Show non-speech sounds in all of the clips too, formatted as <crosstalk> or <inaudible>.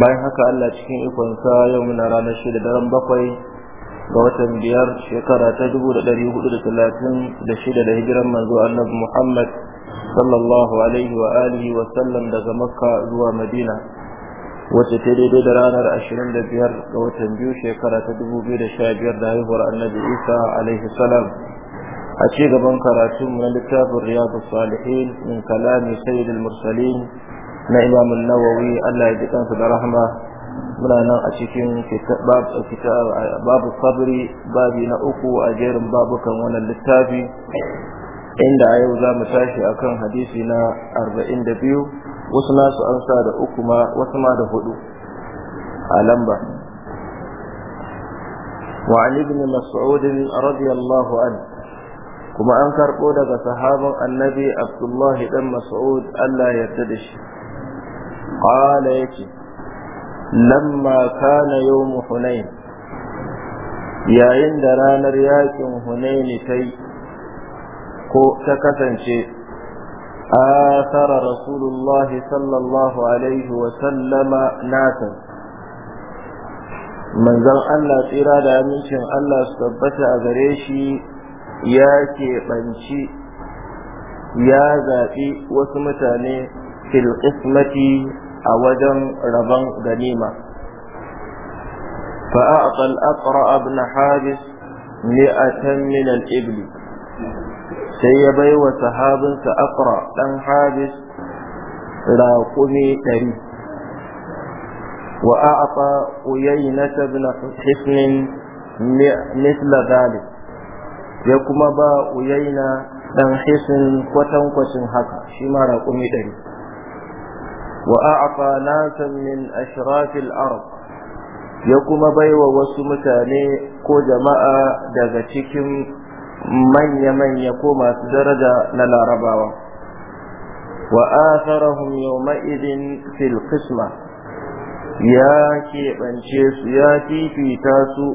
bayan haka Allah cikin ikonsa yau muna ranar shida daren bakwai ga watan biyar shekara ta dubu da ɗari hudu da talatin da shida da hijiran manzo annabi Muhammad sallallahu alaihi wa alihi wa sallam daga Makka zuwa Madina wacce ta daidai da ranar ashirin da biyar ga watan biyu shekara ta dubu biyu da sha biyar da haihuwar annabi Isa alaihi salam a ci gaban karatun na littafin Riyadu Salihin min kalami Sayyidul Mursalin na Imam Nawawi Allah ya ji kansa da rahma muna nan a cikin babu sabri babi na uku a jerin babukan wannan littafi inda a yau za mu tashi kan hadisi na 42 wasu nasu an sa da uku ma wasu ma da hudu a lamba وعن ابن مسعود رضي الله عنه كما أنكر قولك صحابا النبي عبد الله بن مسعود ألا يرتدش qala yace lamma kana yawm hunain yayin da ranar yaƙin hunaini ta yi ko ta kasance آثر رسول الله صلى الله عليه وسلم ناسا من زن tsira da amincin Allah su tabbata a gare shi ya keɓanci ya zaɓi wasu mutane fil qismati a wajen rabon ganima fa a'ta al a ibn habis mi'atan min al-ibli sai ya bai wa sahabinsa aqra ɗan habis raƙumi ɗari wa a'ta uyaynata ibn hisn mithla dhalik ya kuma ba uyaina ɗan hisin kwatankwacin haka shi ma raƙumi ɗari وأعطى ناسا من أشراف الأرض يقوم بيوى وسمتاني كو جماعة دغتكم من يمن يقوم درجة للا رباوة وآثرهم يومئذ في القسمة يا كي كيبانشيس يا كي في تاسو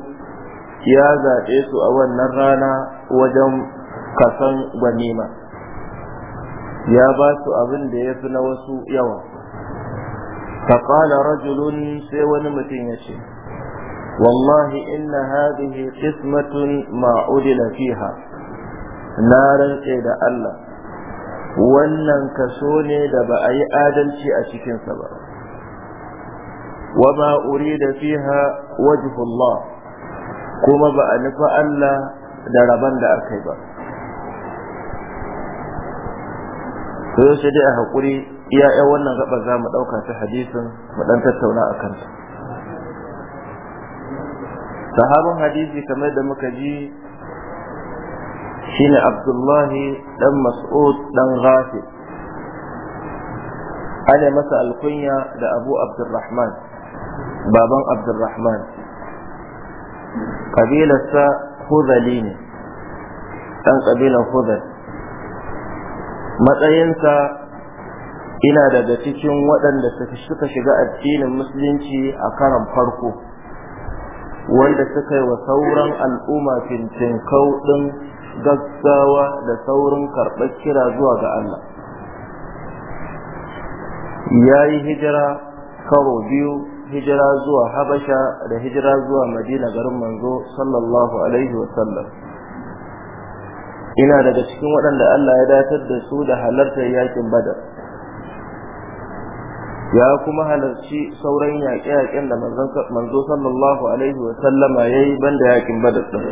يا ذاتيسو أول نرانا وجم كسن ونيمة يا باسو أبن abin da يوم فقال رجل سيوان متين والله إن هذه قسمة ما عدل فيها نارا da الله wannan kaso ne da ba a yi adalci a cikinsa ba wama da fiha wajhullah kuma ba a nufi Allah da rabon da aka yi ba sai dai a haƙuri iya yan wannan gaba za mu ɗauka ta hadisin mu ɗan tattauna a kanta sahabin hadisi kamar da muka ji shine abdullahi ɗan mas'ud dan ghafi ana masa alkunya da abu abdurrahman baban abdurrahman kabilarsa hudali ne ɗan kabilan hudal matsayinsa ina daga cikin waɗanda suka shiga addinin musulunci a karan farko wanda suka yi wa sauran al'umma fintinkau ɗin gaggawa da saurin karɓar kira zuwa ga Allah ya yi hijira karo biyu hijira zuwa habasha da hijira zuwa madina garin manzo sallallahu alaihi wasallam ina daga cikin waɗanda Allah ya datar da su da halartar yakin badar ya kuma halarci sauran yaƙe-yaƙen da manzo sallallahu alaihi wa sallama ya yi banda yaƙin badar ɗin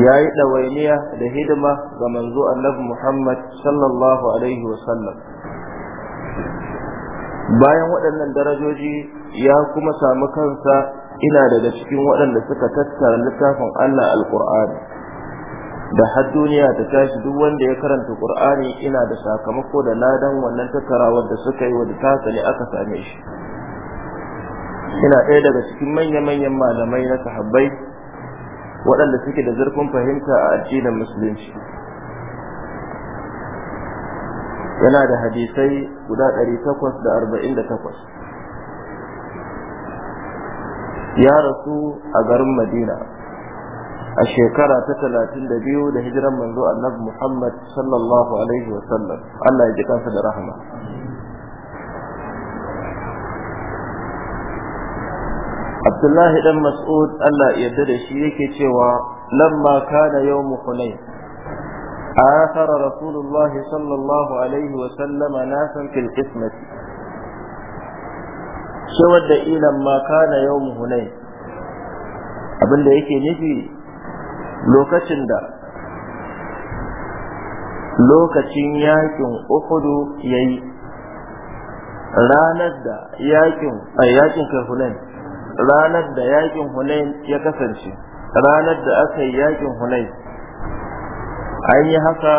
ya yi ɗawainiya da hidima ga manzo annabi muhammad sallallahu alaihi wa sallam bayan waɗannan darajoji ya kuma samu kansa ina daga cikin waɗanda suka tattara littafin allah al alƙur'ani da har duniya ta tashi duk wanda ya karanta qur'ani ina da sakamako da ladan wannan takarawar da suka yi wa ta sani aka same shi ina ɗaya daga cikin manya-manyan malamai na sahabbai waɗanda suke da zurfin fahimta a addinin musulunci yana da hadisai guda ɗari da da arba'in 848 ya rasu a garin madina a shekara ta talatin da biyu da hijiran manzo annabi Muhammad sallallahu alaihi wa sallam Allah ya ji kansa da rahama Abdullahi dan Mas'ud Allah ya yarda da shi yake cewa lamma kana yawm Hunayn آثر رسول الله صلى الله عليه وسلم ناسا في القسمة شود إلى ما كان يوم هنين abin da yake nufi lokacin da lokacin yakin uhudu ya yi ranar da yakin a eh, yakin kahunan ranar da yakin hunain ya kasance ranar da aka yi yakin hunain an yi haka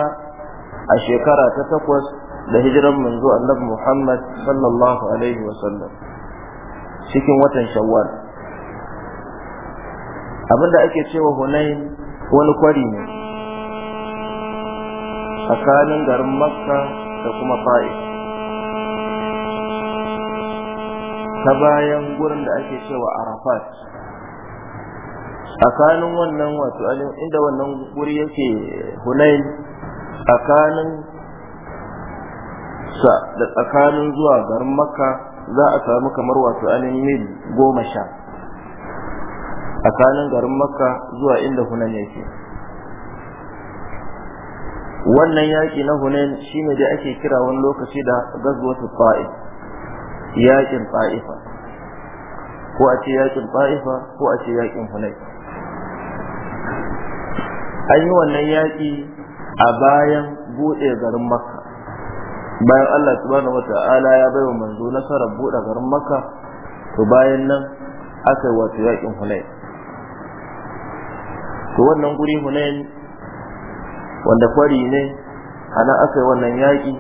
a shekara ta takwas da hijiran manzo annabi muhammad sallallahu alaihi wasallam cikin watan shawwal abinda ake cewa hunain wani kwari ne tsakanin garin makka da kuma fa'i ta bayan gurin da ake cewa arafat kanin wannan wato inda wannan guri yake hunain kanin sa da tsakanin zuwa garin makka za a samu kamar wato alin mil goma sha tsakanin garin makka zuwa inda hunan yake wannan yaƙi na shi shine dai ake kira wani lokaci da gazwatu ta'if yaƙin ta'ifa ko a ce yaƙin ta'ifa ko a ce yaƙin hunan an yi wannan yaƙi a bayan buɗe garin makka bayan Allah subhanahu wata'ala ya baiwa manzo nasarar buɗe garin makka to bayan nan aka yi wato yaƙin hunan to wannan guri hunayen wanda kwari ne ana aka yi wannan yaƙi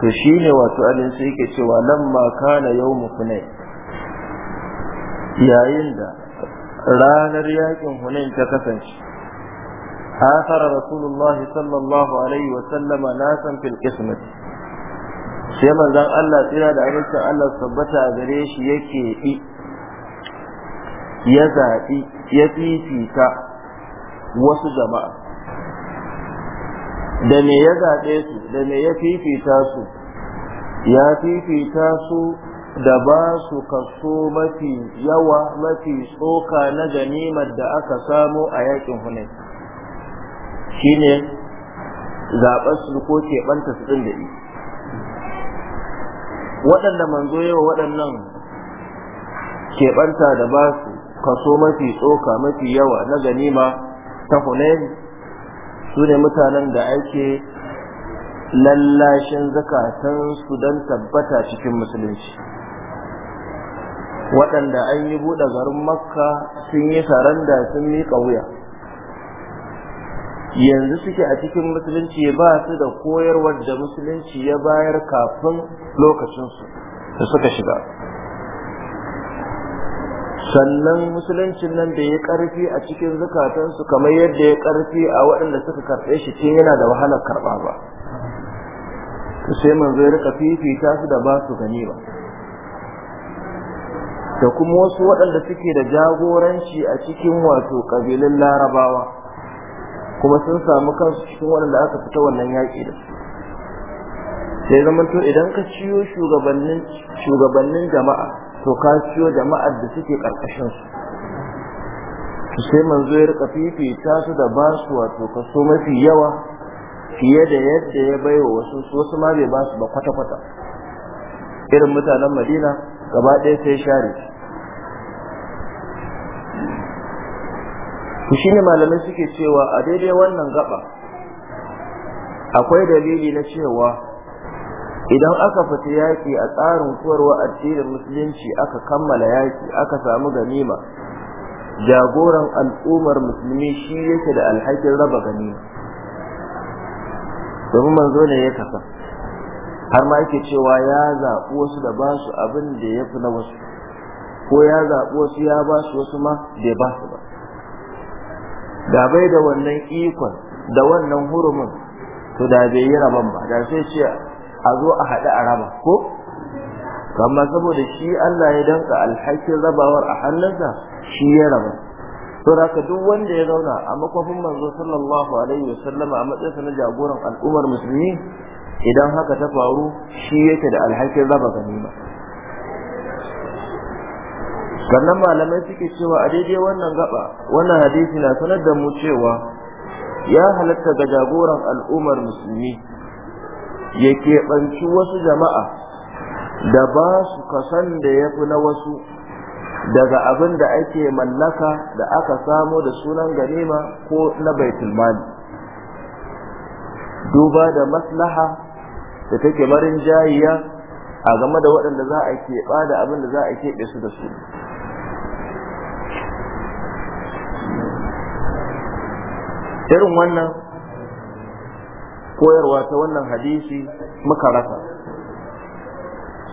to shi ne wato alin sai yake cewa nan ma kana yau hunay yayin da ranar yaƙin hunayen ta kasance آثر رسول الله صلى الله عليه وسلم ناسا في القسمة sai manzon Allah tsira da amincin Allah tabbata a gare shi yake yi ya zaɓi ya fifita wasu jama'a da me ya zaɓe su da me ya fifita su ya fifita su da ba su kaso mafi yawa mafi tsoka na ganimar da aka samo a yakin hunai shine zaɓar su ko keɓanta su ɗin da yi waɗanda manzo yawa waɗannan keɓanta da ba su kaso mafi tsoka mafi yawa na ganima ta hunayn su ne mutanen da ake lallashin su don tabbata cikin musulunci waɗanda an yi buɗe garin makka sun yi da sun yi wuya yanzu suke a cikin musulunci ba su da koyarwar da musulunci ya bayar kafin lokacinsu da suka shiga sannan musuluncin nan da ya karfi a cikin zukatansu kamar yadda ya karfi a waɗanda suka karɓe shi tun yana da wahalar karɓa ba sai manzo ya rika fifita su da ba su gani ba da kuma wasu waɗanda suke da jagoranci a cikin wato ƙabilun larabawa kuma sun samu kansu cikin waɗanda aka fita wannan yaƙi da su sai zamanto idan ka ciyo shugabannin jama'a to ka ciyo jama'ar da suke karkashin su sai manzo ya rika fifita su da ba su wato kaso mafi yawa fiye da yadda ya baiwa wasu wasu wasu ma bai ba su ba kwata-kwata irin mutanen madina gaba ɗaya sai share ku shi ne malamai suke cewa a daidai wannan gaba akwai dalili na cewa idan aka fita yaƙi a tsarin a cikin musulunci aka kammala yaƙi aka samu ganima jagoran al'ummar musulmi shi yake da alhakin raba ganima domin manzo ne ya kasa har ma yake cewa ya zaɓi wasu da ba su abin da ya fi na wasu ko ya zaɓi wasu ya ba su wasu ma da ba su ba Da bai da wannan ikon da wannan hurumin to da bai yi rabon ba da sai ce a zo a haɗe a raba ko amma saboda shi Allah ya danka alhakin rabawar a hannunsa shi ya raba to haka duk wanda ya zauna a makwafin manzo sallallahu alaihi wasallam a matsayinsa na jagoran al'ummar musulmi idan haka ta faru shi yake da alhakin raba ganima sannan malamai suke cewa a daidai wannan gaba wannan hadisi na sanar da mu cewa ya halatta ga jagoran al'ummar musulmi ya keɓanci wasu jama'a da ba su kasan da ya fi na wasu daga abin da ake mallaka da aka samo da sunan ganima ko na baitulmani, duba da maslaha da take marin jayiya a game da waɗanda za a keɓa da abin da za a keɓe su da su irin wannan koyarwa ta wannan hadisi muka rasa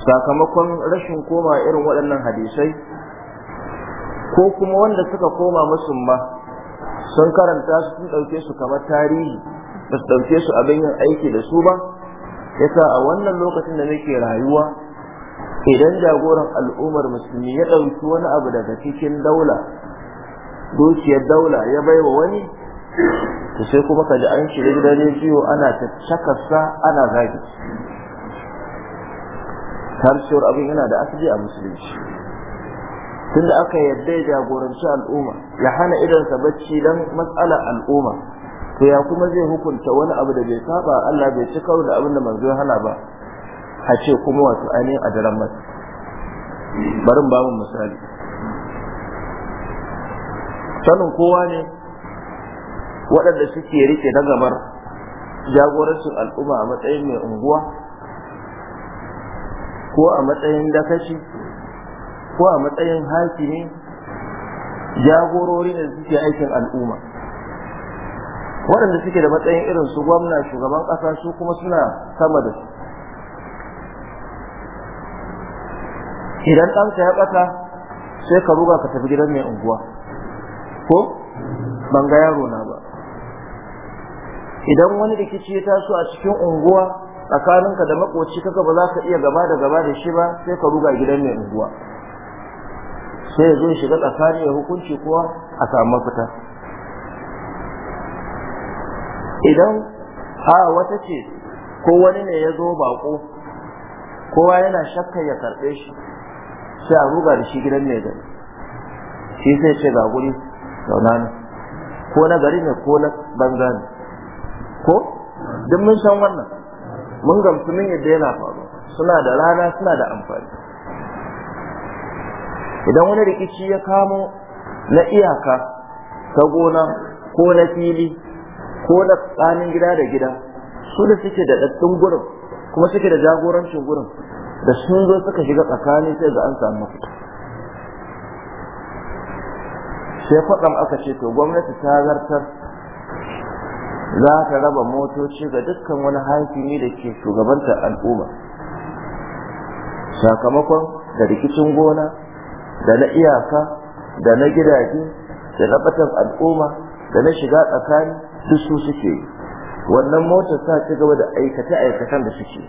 sakamakon rashin koma irin waɗannan hadisai ko kuma wanda suka koma musu ma sun karanta su sun ɗauke su kamar tarihi ba su ɗauke su abin yin aiki da su ba yasa a wannan lokacin da muke rayuwa idan jagoran al'ummar musulmi ya ɗauki wani abu daga cikin daula dukiyar daula ya baiwa wani to sai kuma ka ji an shiga gidan rediyo ana ta tattakarsa ana zagi tarshiyar abin yana da asali a musulunci tunda aka yadda ya jagoranci al'umma ya hana idansa bacci don matsalar al'umma to ya kuma zai hukunta wani abu da bai saba Allah bai ci karo da abin da manzo ya hana ba a ce kuma wato ainihin a daren masu. barin bamu misali sanin kowa ne waɗanda suke rike na gabar jagorancin al'umma a matsayin mai unguwa ko a matsayin dakashi ko a matsayin hakimi jagorori da suke aikin al'umma waɗanda suke da matsayin irin su gwamna shugaban ƙasa su kuma suna sama da su idan ɗanka ya ɓata sai ka ruga ka tafi gidan mai unguwa ko ban ga yaro na idan wani rikici ya taso a cikin unguwa tsakaninka da makoci kaka ba za ka iya gaba da gaba da shi ba sai ka ruga gidan mai unguwa sai ya zo ya shiga tsakani ya hukunci kuwa a samu mafita idan a wata ce ko wani ne ya zo bako kowa yana shakka ya karɓe shi sai a ruga da shi gidan mai gari shi sai ce ga guri zauna ne ko na gari ne ko na banza duk mun san wannan mun gamsu mun yadda yana faru suna da rana suna da amfani idan wani rikici ya kamo na iyaka ta gona ko na fili ko na tsanin gida da gida su da suke da ɗattun gurin kuma suke da jagorancin gurin da sun zo suka shiga tsakanin sai ga an samu mafita sai faɗan aka ce to gwamnati ta zartar za ta raba motoci ga dukkan wani hakimi da ke shugabantar al'umma sakamakon da rikicin gona da na iyaka da na gidaje da na al'umma da na shiga tsakani duk su suke wannan motar sa ci gaba da aikace-aikacen da suke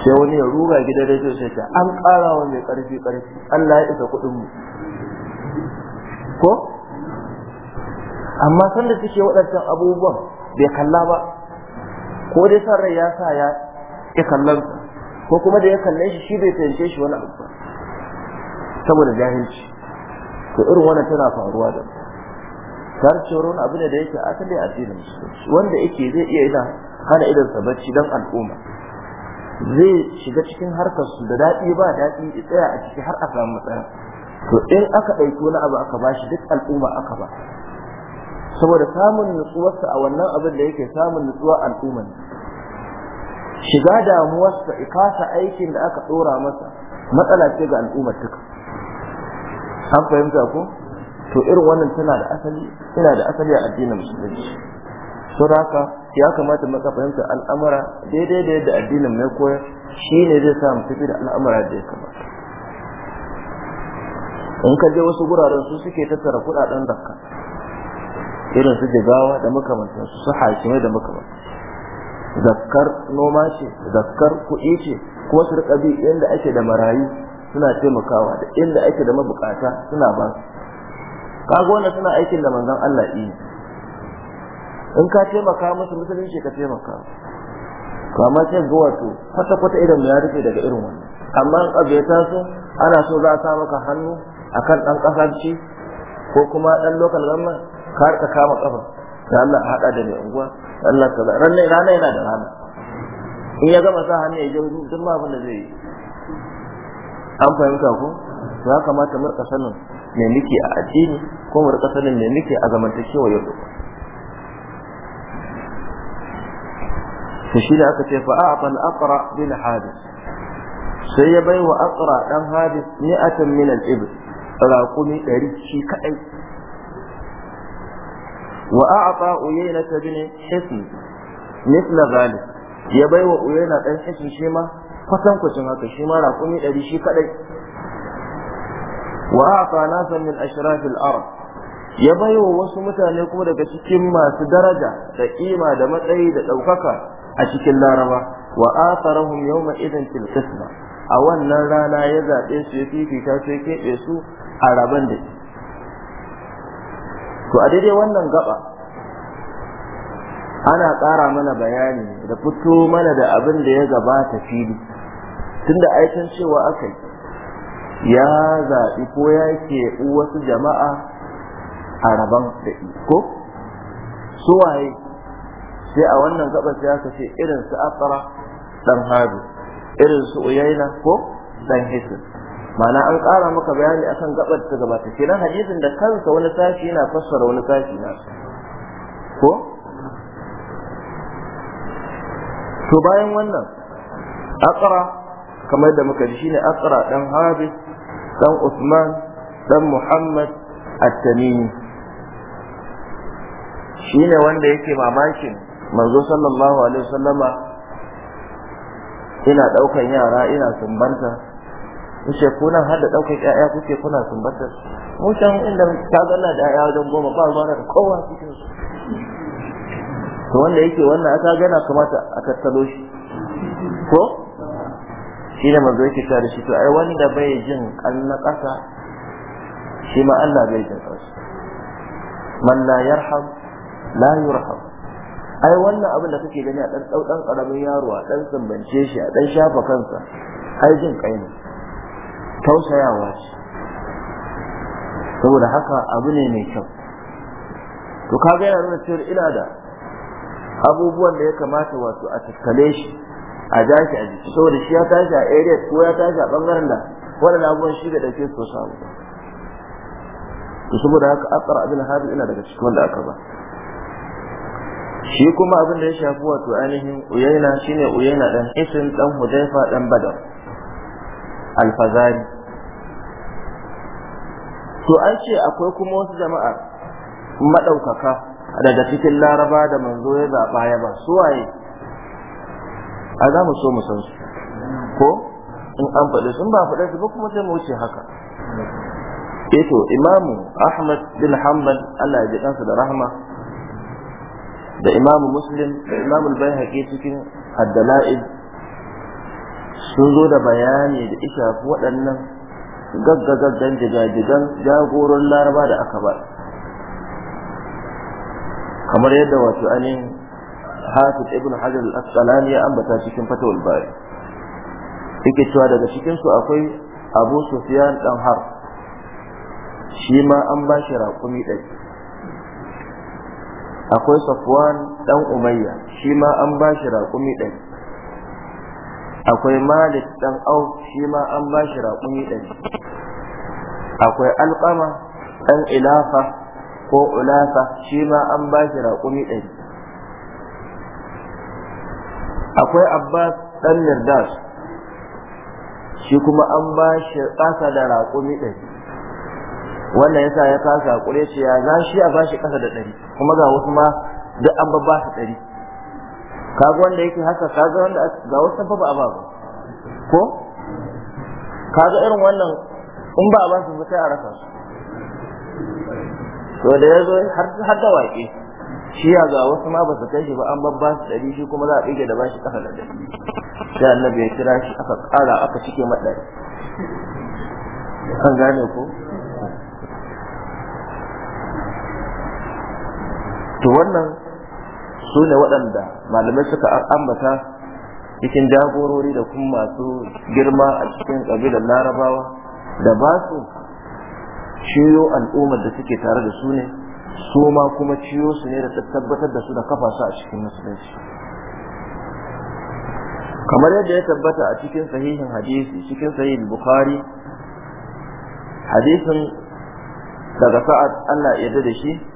sai wani ya ruga gidan rediyo sai ta an ƙara wa mai ƙarfi ƙarfi Allah ya isa kuɗin mu ko amma sanda suke waɗancan abubuwan bai kalla ba ko dai san rai ya sa ya ya kallon ko kuma da ya kalle shi shi bai fahimce shi wani abu saboda jahilci to irin wannan tana faruwa da tarcewar wani abu ne da yake asali addinin musulunci wanda yake zai iya yana hana idan sa bacci dan al'umma zai shiga cikin harkar su da daɗi ba daɗi ya tsaya a ciki har a samu matsala to in aka ɗauki wani abu aka ba shi duk al'umma aka ba saboda samun nutsuwarsa a wannan abin da yake samun nutsuwa al'umman shiga damuwarsa ikasa aikin da aka dora masa matsala ce ga al'ummar duka an fahimta ko to irin wannan tana da asali tana da asali a addinin musulunci saboda haka ya kamata maka fahimta al'amura daidai da yadda addinin mai koyar shi ne zai sa mu tafi da al'amura da ya kamata in ka je wasu guraren su suke tattara kuɗaɗen zakka irin su jigawa da makamantan su su hakimai da makamantan zakkar noma ce zakkar kuɗi ce kuma su riƙa bi inda ake da marayu suna taimakawa da inda ake da mabukata suna ba su kaga wannan suna aikin da manzon Allah yi in ka taimaka musu musulunci ka taimaka to amma sai ga wato kwata kwata idan ya rufe daga irin wannan amma in abu ya taso ana so za a sa maka hannu akan dan kasarci ko kuma dan local government ka kama kafa da Allah a hada da mai unguwa Allah ka da ranar rana yana da rana in ya gama sa hannu ya je wuri duk ma abin da zai yi an fahimta ko ya kamata mu rika sanin me muke a addini ko mu rika sanin me muke a zamantakewa yau da to shi da aka ce fa a ban aqra bil hadis sai ya bai wa aqra dan hadis ni'atan min al ibr raqumi 100 shi kadai وأعطى أيينة بن حسن مثل ذلك يبيع أيينة بن حسن شيما kwatan kwacin haka shi ma raƙumi ɗari shi kaɗai wa a'ta nasan min ashrafil ya baiwa wasu mutane kuma daga cikin masu daraja da ƙima da matsayi da ɗaukaka a cikin laraba wa atharahum yawma idin fil qisma a wannan rana ya zaɓe su fifita su ya a da to a daidai wannan gaba ana ƙara mana bayani da fito mana da abin da ya gabata fili tunda aikin cewa aka yi ya zaɓi ko ya ke wasu jama'a a rabon da iko suwaye sai a wannan gaba sai aka ce irin su asara dan hadu irin su uyaina ko dan hisin mana an ƙara maka bayani akan gabar ta gabata na hadisin da kansa wani sashi yana fassara wani sashi na ko to bayan wannan aqra kamar da muka ji shine aqra dan Habib, dan usman dan muhammad at-tamimi shine wanda yake mamakin manzo sallallahu alaihi wasallama ina daukan yara ina sumbanta yace kuna nan har da daukar ƴaƴa kuke kuna sumbata mu can inda ta zanna da yaya wajen goma ba ba da kowa cikin su to wanda yake wannan aka gana kamata a tattalo shi ko shi ne manzo yake tare shi to ai wanda bai jin kallon ƙasa shi ma Allah bai jin kasa man la yarham la yurham ai wannan abin da kake gani a dan dan karamin yaro a dan sambance shi a dan shafa kansa ai jin kai ne tausayawa ce saboda haka abu ne mai kyau to kaga yana nuna cewa ina da abubuwan da ya kamata wato a tattale shi a jashi a jiki saboda shi ya tashi a area ko ya tashi a bangaren da waɗannan abubuwan shi da dake su samu to saboda haka akara abin hadu ina daga cikin wanda aka ba shi kuma abin da ya shafi wato ainihin uyaina shine uyaina dan isin dan hudaifa dan badar alfazari to an ce akwai kuma wasu jama'a maɗaukaka daga cikin laraba da manzo ya zaɓa ya ba su waye a za mu so mu san su ko in an faɗi sun ba faɗa su ba kuma sai mu wuce haka eto eh imamu ahmad bin hanbal allah ya ji kansa da rahma da imamu muslim da imamu al cikin addala'id sun zo da bayani da ishafi waɗannan gaggagaggan jigajigan jagoron laraba da aka ba kamar yadda wato anin hafiz ibn hajar al-asqalani ya ambata cikin fatawul bari yake cewa daga cikin su akwai abu sufyan dan har shi ma an ba shi raƙumi ɗaya. akwai safwan dan umayya shi ma an ba shi raƙumi ɗaya. akwai malik dan au shi ma an ba shi raƙumi ɗari akwai alƙama dan ilafa ko ulafa shi ma an ba shi raƙumi ɗari akwai abbas dan mirdas shi kuma an ba shi ƙasa da raƙumi ɗari wannan yasa ya kasa ƙure ya za shi a ba shi ƙasa da ɗari kuma ga wasu ma duk an ba su ɗari kaga wanda yake haka kaga wanda ga wasu babu ababu a ba ko kaga irin wannan in ba a ba su sai a rasa su to da ya zo har da waƙe shi ya ga wasu ma ba su kai shi ba an babba su ɗari shi kuma za a ɗige da bashi kafa da ɗari sai annabi ya kira shi aka kara aka cike maɗari an gane ko to wannan su ne waɗanda malamai suka ambata cikin jagorori da kuma masu girma a cikin ƙabilar larabawa da ba su ciyo al'ummar da suke tare da su ne su ma kuma ciyo su ne da tabbatar da su da kafa su a cikin musulunci kamar yadda ya tabbata a cikin sahihin hadisi cikin sahihin bukhari hadisin daga sa'ad Allah ya da shi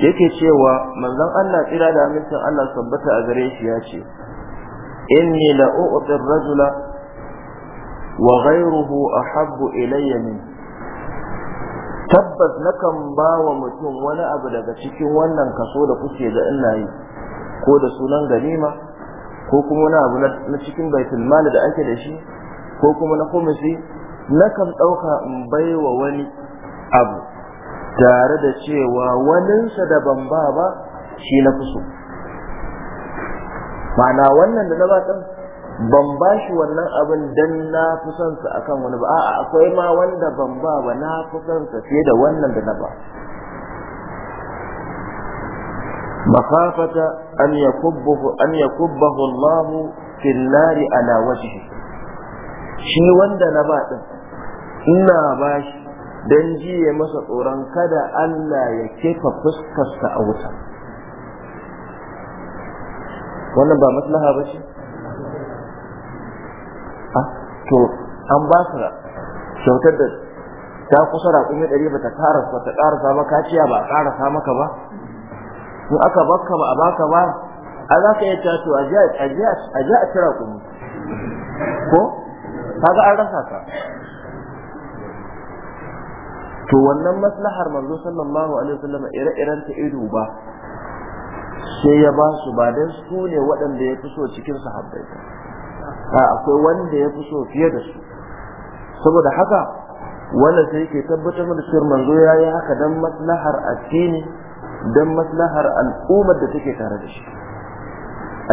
yake cewa manzon Allah tsira da amincin Allah sabbata a gare shi ya ce inni la u'ti rajula wa ghayruhu ahabbu ilayya min tabbas nakan ba wa mutum wani abu daga cikin wannan kaso da kuke da ina yi ko da sunan ganima ko kuma wani abu na cikin baitul mal da ake da shi ko kuma na kumusi nakan ɗauka in baiwa wani abu tare da cewa waninsa da ban ba ba shi na fi so ma'ana wannan da na ba ɗan ban ba shi wannan abin don na fi son sa kan wani ba a'a akwai ma wanda ban ba ba na fi son sa fiye da wannan da na ba makafata an ya an yakubbahu Allah fil nari ala wajhi shi wanda na ba din ina ba shi don jiye masa tsoron kada Allah ya kefa fuskarsa a wuta wannan ba maslaha ba A, ah, to an ba su kyautar da ta kusa raƙumi ɗari ba ta karasa ta karasa ba ciya ba a karasa maka ba in aka baka ba a baka ba a za ka iya to a ji a ci raƙumi ko kaga an rasa ka to wannan maslahar manzo sallallahu alaihi wasallam ire-iren ta ido ba sai ya ba su ba dan su ne waɗanda ya fi cikin sahabbai a akwai wanda ya fi so fiye da su saboda haka wanda sai ke tabbatar da cewa manzo ya yi haka dan maslahar addini dan maslahar al'ummar da take tare da shi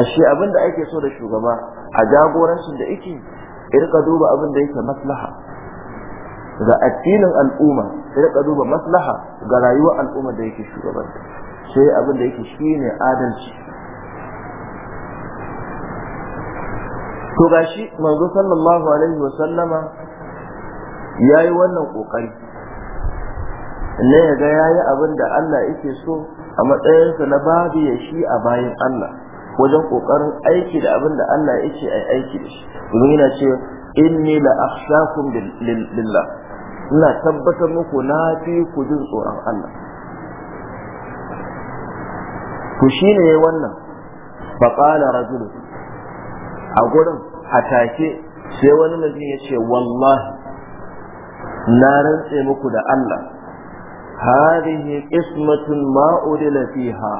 ashe abin da ake so da shugaba a jagorancin da yake irka duba abin da yake maslaha ga addinin al'umma sai ka duba maslaha ga rayuwar al'umma da yake shugabanta sai abin da yake shine adalci to gashi manzo sallallahu alaihi wa sallama yayi wannan kokari ne ya ga yayi abin da Allah yake so a matsayinsa na babu ya shi a bayan Allah wajen kokarin aiki da abin da Allah yake ai aiki da shi domin yana cewa inni la akhshakum lillah ina tabbatar muku na fi ku jin tsoron Allah Ku shi ne wannan faƙala qala a gurin a take sai wani nabi ya ce wallahi na rantse muku da Allah hadhihi qismatun ma udila fiha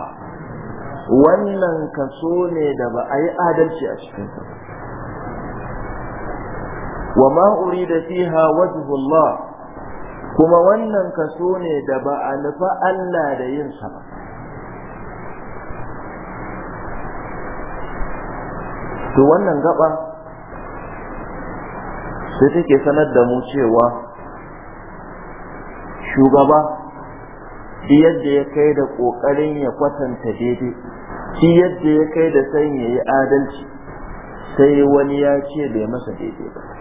wannan kaso ne da ba a yi adalci a cikin wa ma urida fiha wajhu Allah kuma wannan kaso ne da ba a nufa Allah da yin sa ba to wannan gaba sai take sanar da mu cewa shugaba yadda ya kai da ƙoƙarin ya kwatanta daidai shi yadda ya kai da san ya yi adalci sai wani ya ce bai masa daidai ba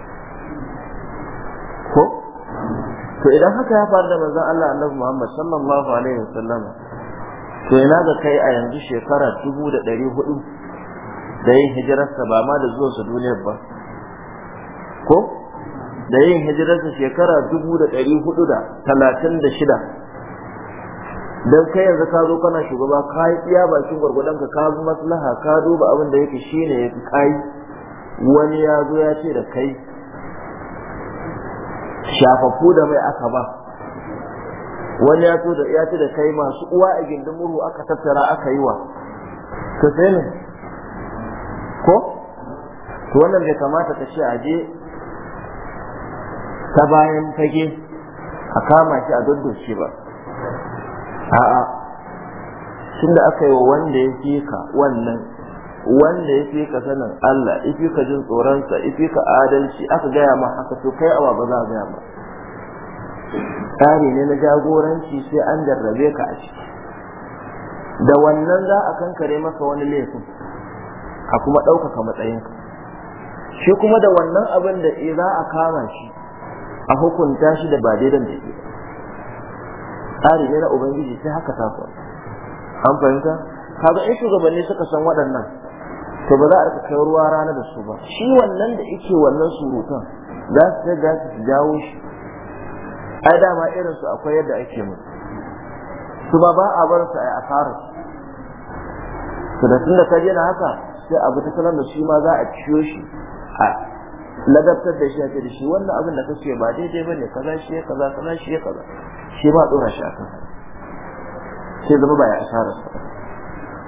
to idan haka ya faru da manzon Allah Annabi Muhammad sallallahu alaihi wasallam to ina ga kai a yanzu shekara 1400 da yin hijirarsa ba ma da zuwa duniyar ba ko da yin hijirarsa shekara 1436 dan kai yanzu ka zo kana shugaba ka yi iya bakin gwargwadon ka ka bi maslaha ka duba abin da yake shine ya kai wani ya zo ya ce da kai shafaffu da mai aka ba wani ya to da ya ci da kai masu uwa a gindin murhu aka tattara aka yi wa to sai ne ko to wannan bai kamata ka ce aje ta bayan fage a kama shi a daddoshe ba a'a tunda aka yi wa wanda ya ka wannan wanda ya fi ka sanin Allah ya fi ka jin tsoronsa ya fi ka adalci aka gaya ma haka to kai awa ba za a gaya ma tsari ne na jagoranci sai an jarrabe ka a ciki da wannan za a kankare maka wani laifin a kuma ɗaukaka matsayinka shi kuma da wannan abin da za a kama shi a hukunta shi da ba daidan da ke tsari ne na ubangiji sai haka ta an fahimta kaga in shugabanni suka san waɗannan to ba za a rika kai ruwa rana da su ba shi wannan da yake wannan surutan za su ga su jawo shi ai dama irin su akwai yadda ake mu su ba ba a bar su ai asara to da tunda ka na haka sai abu ta salon da shi ma za a ciyo shi a ladabtar da shi a da shi wannan abin da kake ba daidai ba bane kaza shi ya kaza kaza shi ya kaza shi a dora shi akan sai zama ba ya asara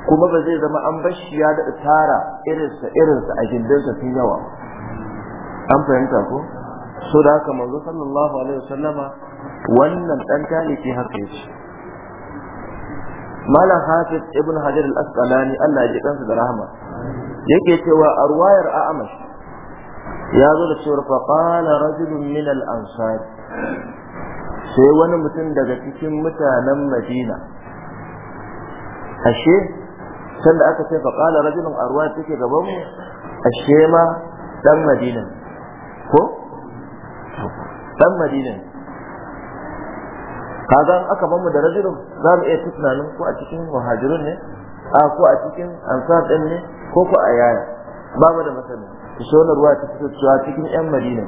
kuma ba zai zama an bashi ya daɗa tara irinsa irinsa a gindinsa tun yawa an fahimta ko so da haka manzo sallallahu alaihi wasallama wannan dan taliki haka yace malam hafiz ibn hajar al-asqalani Allah ya ji kansa da rahama yake cewa a ruwayar a'amash ya zo da cewar fa qala rajulun min al-ansar sai wani mutum daga cikin mutanen madina ashe can aka ce fa qala rajulun arwa take gaban mu ashe ma dan madina ko dan madina kaga aka ban mu da rajulun za mu iya tunanin ko a cikin muhajirun ne a ko a cikin ansar din ne ko ko a yaya ba mu da masani ki so na ruwa ta fito cewa cikin yan madina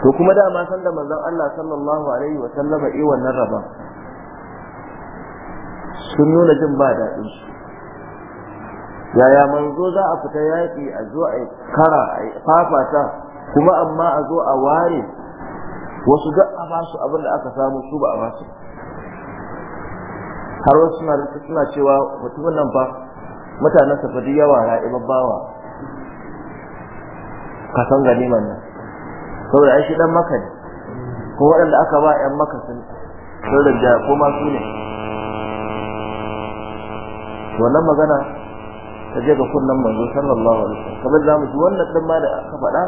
to kuma da ma san da manzon Allah sallallahu alaihi wa sallama i wannan rabon sun nuna jin ba daɗin su yaya manzo za a fita yaƙi a zo a kara a fafata kuma amma a zo a ware wasu duk a ba su abin da aka samu su ba a ba su har wasu suna cewa mutumin nan ba mutanen safadi yawa ra'ibabbawa ka san ganiman nan saboda ai shi dan maka ne ko waɗanda aka ba 'yan maka sun sun da ko ma su ne wannan magana ta je ga kunnan manzo sallallahu alaihi wasallam kamar zamu ji wannan din ma da aka faɗa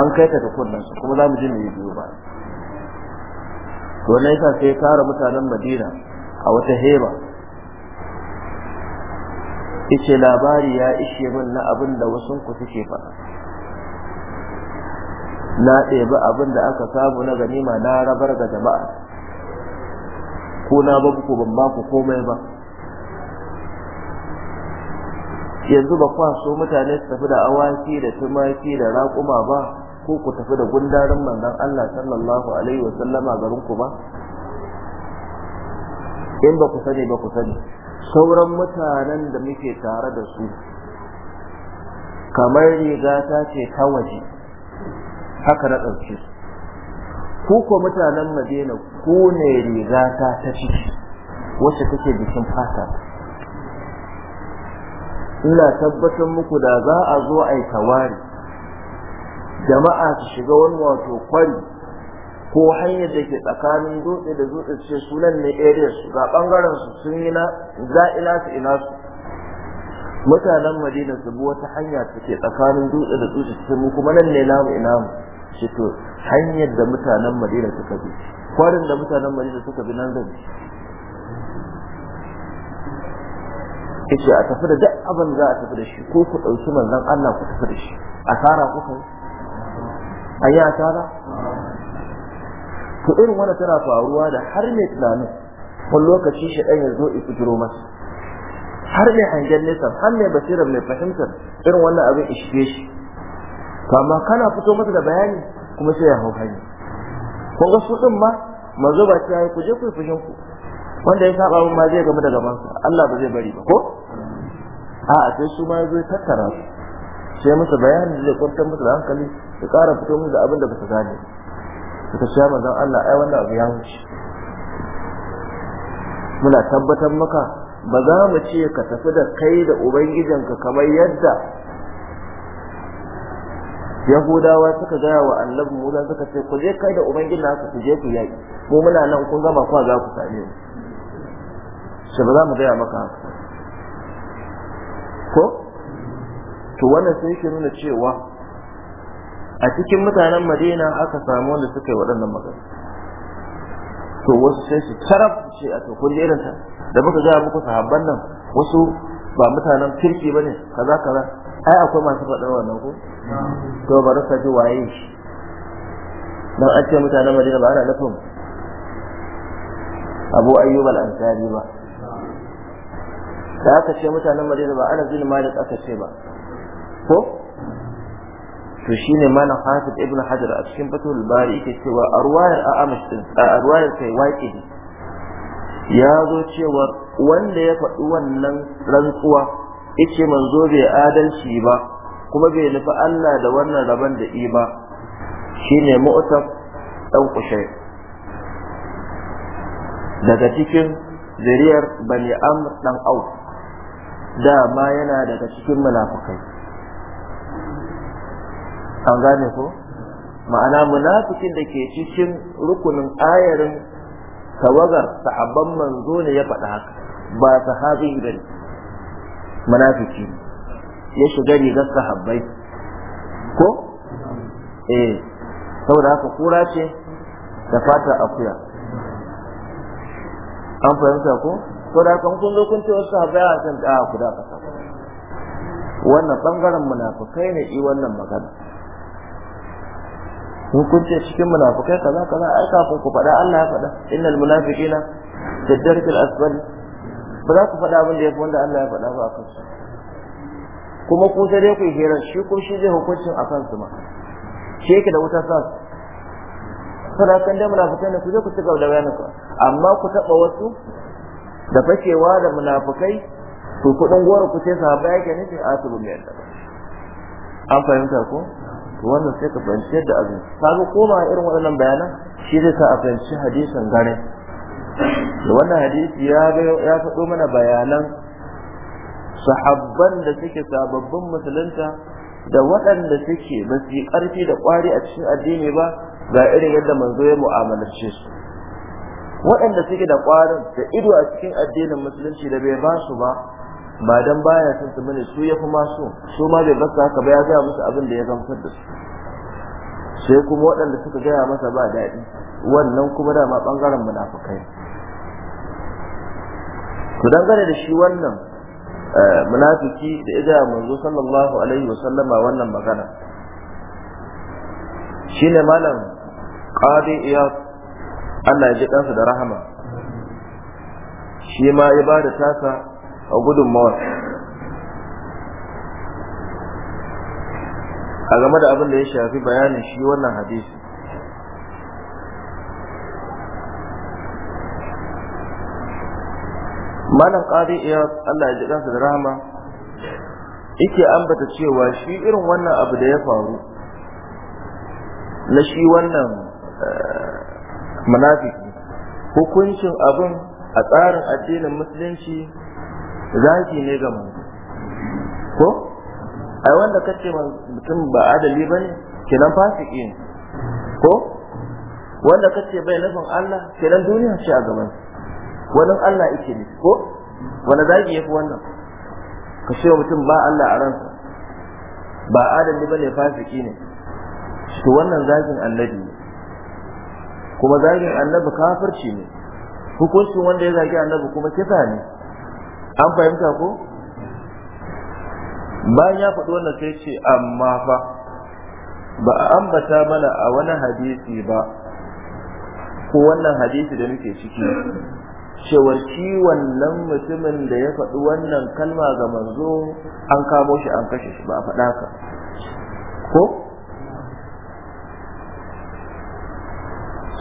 an kai ta ga kunnan kuma zamu ji me biyo ba to ne yasa sai tara mutanen Madina a wata heba yace labari ya ishe min na abin da wasun ku suke faɗa na ɗebi abin da aka samu na ganima na rabar ga jama'a ko na babu ko ban ba ku komai ba yanzu ba kwa so mutane su tafi da awaki da tumaki da raƙuma ba ko ku tafi da gundarin manzon Allah sallallahu alaihi wa garin ku ba in ba ku sani ba ku sani sauran mutanen da muke tare da su kamar riga ta ce ta waje haka na ɗauke su ku ko mutanen Madina ku ne riga ta ta ciki wacce take bikin fata ina tabbatar muku da za a zo a yi tawari jama'a su shiga wani wato kwari ko hanyar da ke tsakanin dutse da dutse ce sunan ne area su ga bangaren su sun yi na za'ila su ina su mutanen madina su bi wata hanya su ke tsakanin dutse da dutse su mu kuma nan ne namu ina mu shi to hanyar da mutanen madina suka bi kwarin da mutanen madina suka bi nan zan yace a tafi da duk abin za a tafi da shi ko ku dauki manzon Allah ku tafi da shi asara ku kai ayi asara to irin wannan tana faruwa da har mai tunanin wani lokaci shi dan ya zo ya fitiro masa har mai hangen nesa har mai basirar mai fahimtar irin wannan abin ishe shi to amma kana fito masa da bayani kuma sai ya hau hanya kun ga su ma manzo ba ta yi ku je ku yi fushin ku wanda ya saba mun ma zai gamu da gaban sa Allah ba zai bari ba ko a a sai su ma zai tattara su sai musu bayani da kwantar musu da hankali su ƙara fito musu da abin da ba su gane suka sha manzon Allah ai wannan abu ya wuce muna tabbatar maka ba za mu ce ka tafi da kai da ubangijinka kamar yadda yahudawa suka gaya wa annabi musa suka ce ku je kai da ubangijin naka ku je ku yaki mu muna nan kun gama kwa za ku same mu shi ba za mu gaya maka haka ko to wannan sai ke nuna cewa a cikin mutanen madina aka samu wanda suka yi waɗannan magana to wasu sai su taraf ce a tokun irin ta da muka gaya muku sahabban nan wasu ba mutanen kirki bane kaza kaza ai akwai masu faɗar wannan ko to bari ka ji waye shi dan an ce mutanen madina ba ana nufin abu ayyuba al-ansari ba da aka ce mutanen madina ba ana bin malik aka ce ba ko to shine mana hafiz ibnu hajar a cikin fatul bari yake cewa arwayar a amish din arwayar kai waqidi ya zo cewa wanda ya faɗi wannan rantsuwa yace manzo bai adalci ba kuma bai nufi Allah da wannan rabon da i ba shine mu'tab dan kushai. daga cikin zuriyar bani amr dan auf dama yana daga cikin munafukai an gane ko ma'ana munafikin da ke cikin rukunin ayarin tawagar sahabban manzo ne ya faɗa haka ba haɗu gari munafiki ya shiga rigar sahabbai ko eh saboda haka kura ce da fata akuya an fahimta ko to da kan kun zo kun ce wasu sahabai a can da ku da kasa wannan bangaren munafikai ne i wannan magana in kun ce cikin munafikai kaza kaza ai kafin ku faɗa Allah ya faɗa innal munafiqina fi al asfali ba za ku faɗa abin da yafi wanda Allah ya faɗa ba a kansu kuma ku sai dai ku hira shi ko shi zai hukuncin a kansu ma shi yake da wuta sa sadakan da munafikai ne ku je ku ci gaba da bayanin amma ku taɓa wasu da fakewa da munafukai to kudin goro ku sai sahaba yake ne sai su rumiyar da an fahimta ko to wannan sai ka fahimci yadda azumi kaga koma irin waɗannan bayanan shi zai sa a fahimci hadisin gare da wannan hadisi ya ya faɗo mana bayanan sahabban da suke sababbin musulunta da waɗanda suke ba su yi ƙarfi da ƙwari a cikin addini ba ga irin yadda manzo ya mu'amalarce su waɗanda suke da ƙwarin da ido a cikin addinin musulunci da bai ba su ba ba dan baya sun su mini su ya fi so su ma bai basa haka ba ya gaya musu abin da ya gamsar da su sai kuma waɗanda suka gaya masa ba daɗi wannan kuma dama ɓangaren munafukai to dangane da shi wannan eh, munafuki da ya gaya manzo sallallahu alaihi wa sallama wannan magana shine malam qadi iyad Allah ya ji kansa da rahama shi ma ya ba da tasa a gudun gudunmawar a game da abin da ya shafi bayanin shi wannan hadisi malam qadi iya Allah ya ji ɗansa da rahama yake ambata cewa shi irin wannan abu da ya faru na shi wannan eh, munafiki hukuncin abin a tsarin addinin musulunci zaki ne ga mu ko ai wanda kace mutum ba adali bane kenan fasiki ne ko wanda kace bai nufin Allah kenan duniya ce a gaban wannan Allah yake ne ko wanda zaki yafi wannan kace mutum ba Allah a ransa ba adali bane fasiki ne to wannan zakin annabi kuma zagin annabi kafirci ne hukuncin wanda ya zagi annabi kuma kisa ne an fahimta ko bayan ya faɗi wannan sai ce amma fa ba a ambata mana a wani hadisi ba ko wannan hadisi da muke ciki cewar shi wannan mutumin da ya faɗi wannan kalma ga manzo an kamo shi an kashe shi ba a faɗa ka ko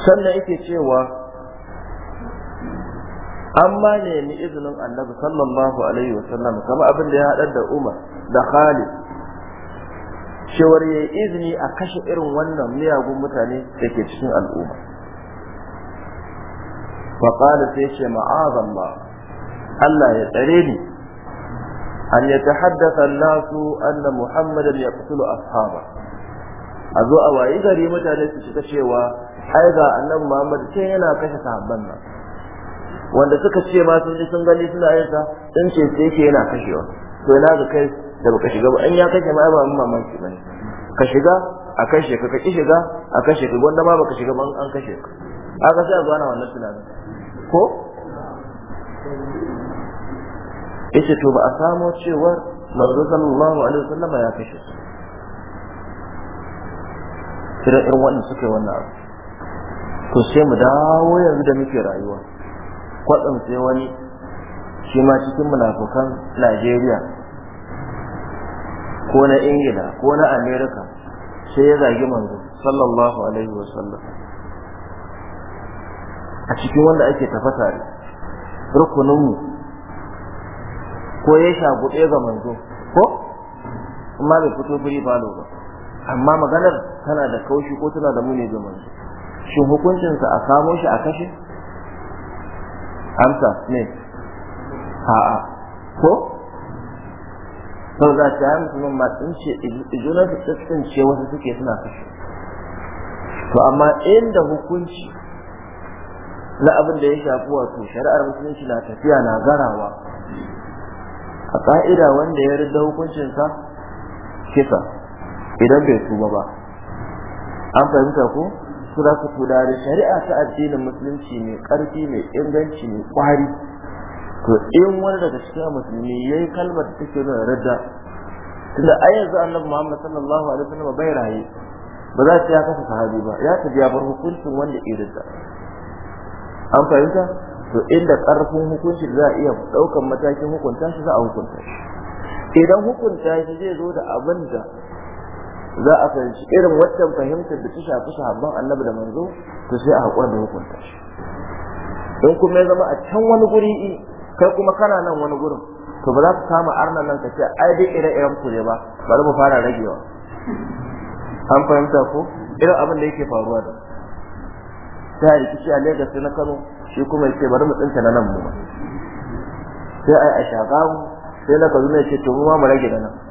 sannan yake cewa an ma nemi izinin annabi sallallahu alaihi sallam kama abin da ya haɗar da umar da khalid cewar ya izini a kashe irin wannan miyagun mutane da ke cikin al'umma faƙalar sai ce ma'azan ba allah ya tsare ni an ya tahaddasa nasu anna muhammadan ya kusuru ashaba a zo a wayi gari mutane su shiga cewa ai ga annabi Muhammad sai yana kashe sahabban nan wanda suka ce ma sun ji sun gani suna yin sa sun ce sai yake yana kashewa to ina ga kai da baka shiga ba in ya kashe ma ba mun mamaki bane ka shiga a kashe ka ka ki shiga a kashe ka wanda ma baka shiga ba an kashe ka aka sai a gwana wannan tunanin ko yace to ba a samo cewar manzo sallallahu alaihi wasallam ya kashe su kira irin wannan suke wannan abu to sai mu dawo yanzu da muke rayuwa kwatsam sai wani shi ma cikin munafukan Najeriya ko na Ingila ko na Amerika sai ya zagi manzo sallallahu alaihi wa sallam a cikin wanda ake tafa tare rukuninmu ko ya shaguɗe ga manzo ko amma bai fito guri lo ba amma maganar tana da kaushi ko tana da muni ga manzo shin hukuncinsa a samo shi a kashe amsa ne a'a ko sau za ta yi musulman ma tsince ijunan su ce wasu suke suna kashe to amma inda hukunci na abin da ya shafi wato shari'ar musulunci na tafiya na garawa a ƙa'ida wanda ya rida hukuncinsa kisa idan bai tuba ba an fahimta ko su za su kula da shari'a ta addinin musulunci mai ƙarfi mai inganci mai ƙwari to in wani daga cikin musulmi ya yi kalmar da take nuna radda tunda a yanzu annabi muhammad sallallahu alaihi wasallam bai raye ba za ta ya kasa sahabi ba ya tafi ya bar hukuncin wanda ya radda an fahimta to inda ƙarfin hukunci za a iya ɗaukan matakin hukunta shi za a hukunta idan hukunta shi zai zo da abin da za a fahimci irin waccan fahimtar da ta shafi sahabban annabi da manzo to sai a haƙura da hukunta shi in kuma ya zama a can wani guri kai kuma kana nan wani gurin to ba za ka kama arnan nan ka ce ai dai ire-iren ku ba bari mu fara ragewa an fahimta ko irin abin da yake faruwa da ta rikici a Legas na Kano shi kuma ya ce bari mu tsinta na nan mu sai ai a mu? sai na Kaduna ya ce to mu ma mu rage da nan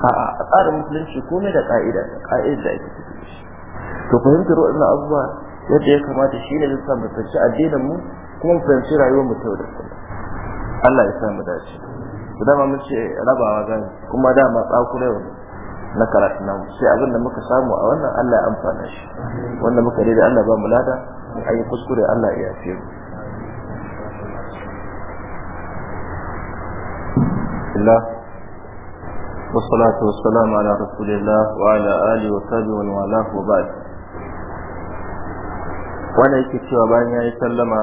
a'a a tsarin musulunci komai da ka'ida ka'ida da ake tafi shi to fahimtar na abubuwa yadda ya kamata ne zai sa mu fahimci addinin mu kuma mu fahimci rayuwar mu ta da kullum Allah ya sa mu dace da dama mun ce rabawa gani kuma dama tsakurewa ne na karatu na sai abin da muka samu a wannan Allah ya amfana shi wanda muka da Allah ba mu lada mu yi kuskure Allah ya yafe mu Allah والصلاة والسلام على رسول الله وعلى آله وصحبه ومن والاه وبعد وانا cewa bayan yayi sallama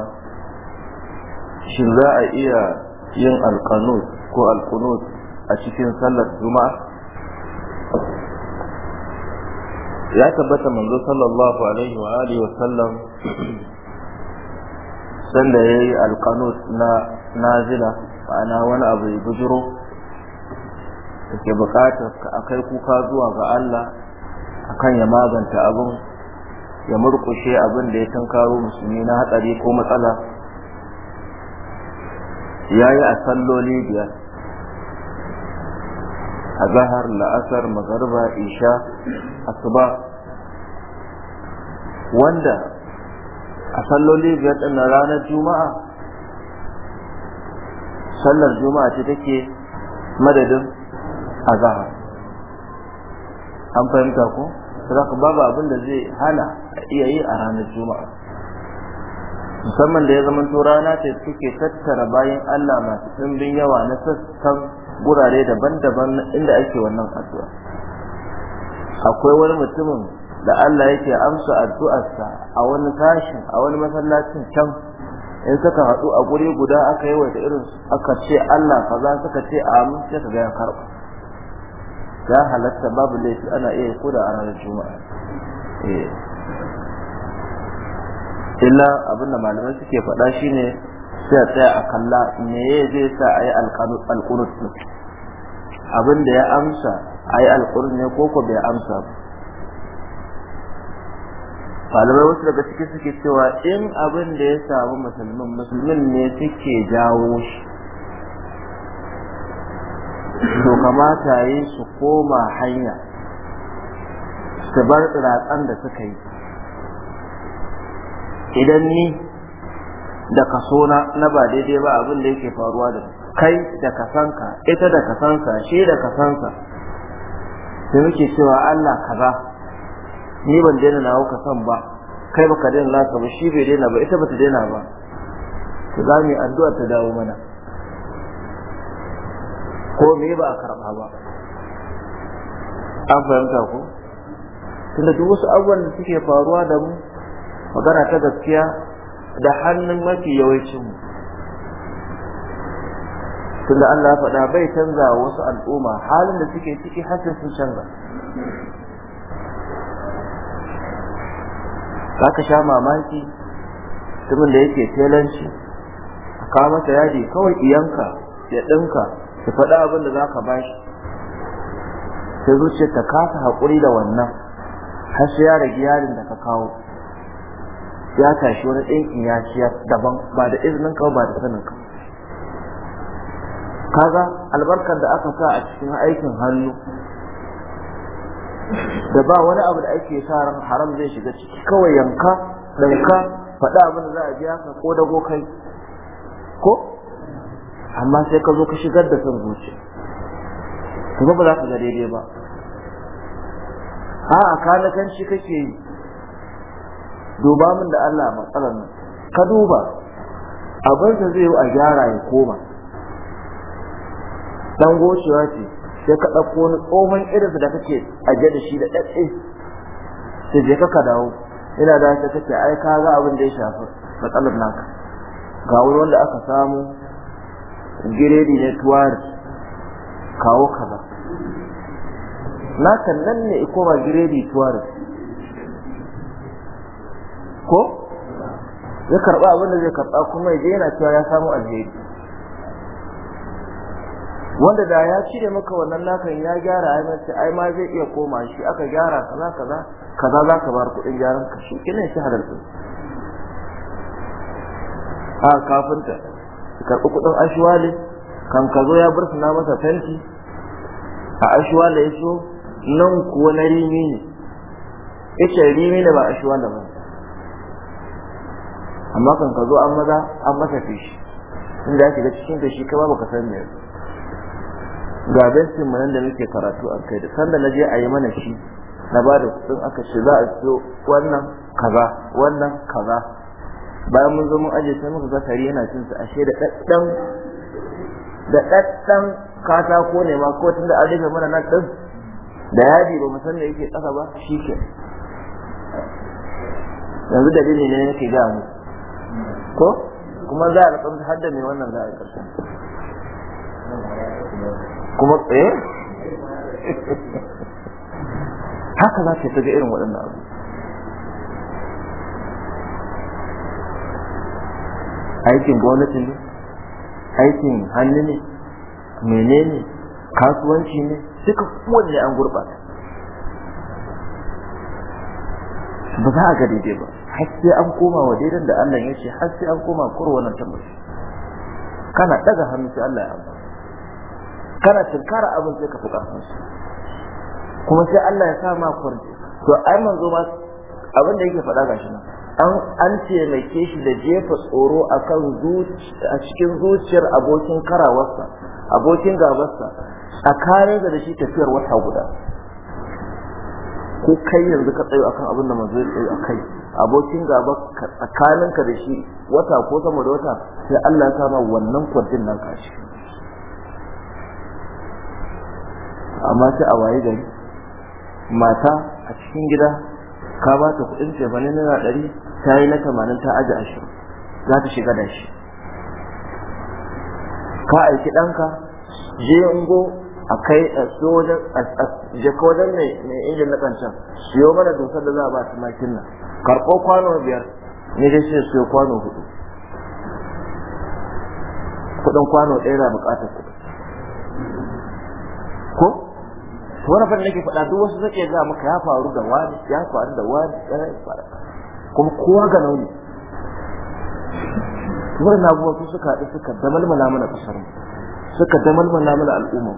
shin za a iya yin alqanut ko alqunut a cikin sallar juma'a ya tabbata manzo sallallahu alaihi wa alihi wa sallam sanda yayi na nazila wani abu ya da ke bukatar ka akai kuka zuwa ga Allah akan ya maganta abin ya murkushe abin da ya tunkaro musulmi na hatsari ko matsala ya yi a salloli biyar a zahar la'asar magarba isha asuba wanda a salloli biyar ɗin ranar juma'a sallar juma'a ce take madadin azahar an fahimta ko za ka babu abin da zai hana a iya yi a ranar juma'a musamman da ya zama to rana ce suke tattara bayan Allah masu ɗimbin yawa na sassan gurare daban-daban inda ake wannan addu'a akwai wani mutumin da Allah yake amsa addu'arsa a wani tashin a wani masallacin can in suka haɗu a guri guda aka yi da irin aka ce Allah kaza suka ce amin sai ka ga ya karɓa ya halatta babu laifi ana iya koda a ranar juma'a eh. illa abin da malamai suke faɗa shine sai tsaya a kalla me zai sa a yi alƙunut abin da ya amsa a yi alƙunut ne koko bai amsa ba malamai wasu daga ciki suke cewa in abin da ya samu musulmin musulmin ne suke jawo shi to kamata yi su koma hanya su bar tsiratsan da suka yi idan ni da kasona na ba daidai ba abin da yake faruwa da kai da kasanka ita da kasanka shi da kasanka sai muke cewa Allah kaza ni ban daina nawo kasan ba kai baka daina naka ba shi bai daina ba ita ba ta daina ba to za mu yi addu'a ta dawo mana ko me ba a karɓa ba an fahimta ko tunda duk wasu abubuwan da suke faruwa da mu magana ta gaskiya da hannun mafi yawancin mu tunda Allah ya faɗa bai canza wasu al'umma halin da suke ciki hasin sun canza za ka sha mamaki tumin da yake telanci a kawo masa yadi kawai iyanka ya ɗinka ta faɗa abin da za ka ba shi sai zuciya ta kasa haƙuri da wannan har sai ya rage yarin da ka kawo ya tashi wani ɗinkin ya ciyar daban ba da izinin ka ba da sanin ka kaga albarkar da aka sa a cikin aikin hannu da ba wani abu da ake sa ran haram zai shiga ciki kawai yanka ɗauka faɗa abin da za a biya ka ko dago kai ko amma sai ka zo ka shigar da son zuci kuma ba za ka ga daidai ba a'a shi kake yi duba min da Allah matsalar nan ka duba abin da zai yi a gyara ya koma dan gocewa ce sai ka ɗauko wani tsohon irin da kake aje da shi da ɗaɗɗe sai je ka dawo ina da ta kake ai ka ga abin da ya shafi matsalar naka ga wani wanda aka samu giredi na tuwari kawo kaza nakan nan ne iko ba giredi tuwari ko ya karba abin da zai karba kuma ya yana cewa ya samu alheri wanda da ya cire maka wannan nakan ya gyara ai mace ai ma zai iya koma shi aka gyara kaza kaza kaza za ka bar kuɗin gyaran ka shi kina shi halalta a kafinta karɓi kuɗin ashwale kan ka zo ya suna masa fenti a ashwale ya so nan kuwa na rimi ne ita rimi ne ba ashwale ba amma kan ka zo an maza an masa fishi inda ya shiga cikin da shi kama baka san me ga bestin mu nan da muke karatu a kai da sanda na je a yi mana shi na ba da kuɗin aka ce za a siyo wannan kaza wannan kaza bayan mun zo mun aje sai muka ga kare yana cin su ashe da daddan da daddan katako ne ma ko tunda an rufe mana nan din da yadi ba mu san me yake tsaka ba shike yanzu da dini ne yake ga mu ko kuma za a rikon har da mai wannan za a karshe kuma tsaye eh? <laughs> haka za ta ga irin waɗannan abu aikin gwamnati ne aikin hannu ne menene kasuwanci ne duka kowanne an gurɓata ba za a ga daidai ba har sai an koma wa daidan da Allah ya ce har sai an koma kurwanan tabbas kana daga hannu sai Allah ya amma kana tunkara abin sai ka fuka su kuma sai Allah ya sa ma kwarje to ai manzo ma abin da yake faɗa gashi nan an taimake shi da jefa tsoro akan a cikin zuciyar abokin karawarsa abokin gabarsa tsakanin da shi tafiyar wata guda ko kai yanzu ka tsayo akan abin da manzo ya tsayo akai abokin gaba tsakanin ka da shi wata ko sama da wata sai Allah ya sama wannan kwadin nan kashi amma sai a waye gari mata a cikin gida ka ba ta kuɗin cefanen naira ɗari ta yi na tamanin ta aji ashirin za ta shiga da shi ka aiki ɗanka je ungo a kai je ka wajen mai injin na kancan siyo mana dokar da za a ba makin nan karɓo kwano biyar ne dai sai siyo kwano hudu kuɗin kwano ɗaya na buƙatar kuɗi to wani fa nake faɗa duk wasu zake za maka ya faru da wani ya faru da wani ya faru kuma kowa ga nauni wani. abubuwa su suka haɗu suka damalmala mana kasar suka damalmala mana al'umma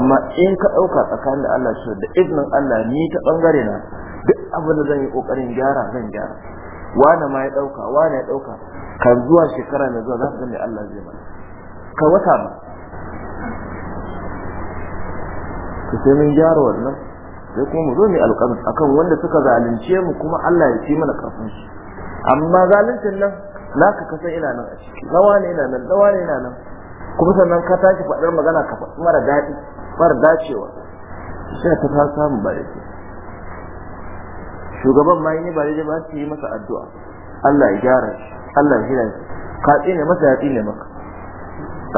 amma in ka ɗauka tsakanin da Allah shi da izinin Allah ni ta ɓangare na duk abin da zan yi ƙoƙarin gyara zan gyara wane ma ya ɗauka wane ya ɗauka kan zuwa shekara mai zuwa za su gane Allah zai mana ka wata ba to sai mun gyara wannan sai kuma mu zo mu alƙamin akan wanda suka zalunce mu kuma Allah ya ci mana kafin shi amma zaluncin nan na ka kasa ina nan a ciki dawa ne ina nan dawa ne ina nan kuma sannan ka tashi faɗar magana ka faɗi mara daɗi mara dacewa sai ta ta samu ba shugaban ma yi ba daidai ba su yi masa addu'a Allah ya gyara shi Allah ya hira shi ka tsine masa ya tsine maka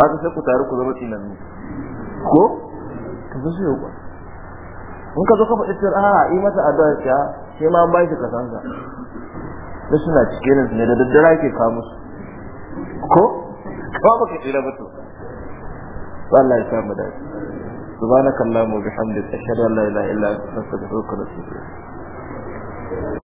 ka sai ku taru ku zama tsinanni ko ka zo su roƙa in ka zo ka faɗi cewa a yi masa addu'a ya sai ma an ba shi kasansa da suna cikin su ne da daddara ke kawo musu ko ko ba tsira ba to ya samu dace subhanakallahumma wa bihamdika ashhadu an la ilaha illa anta astaghfiruka wa atubu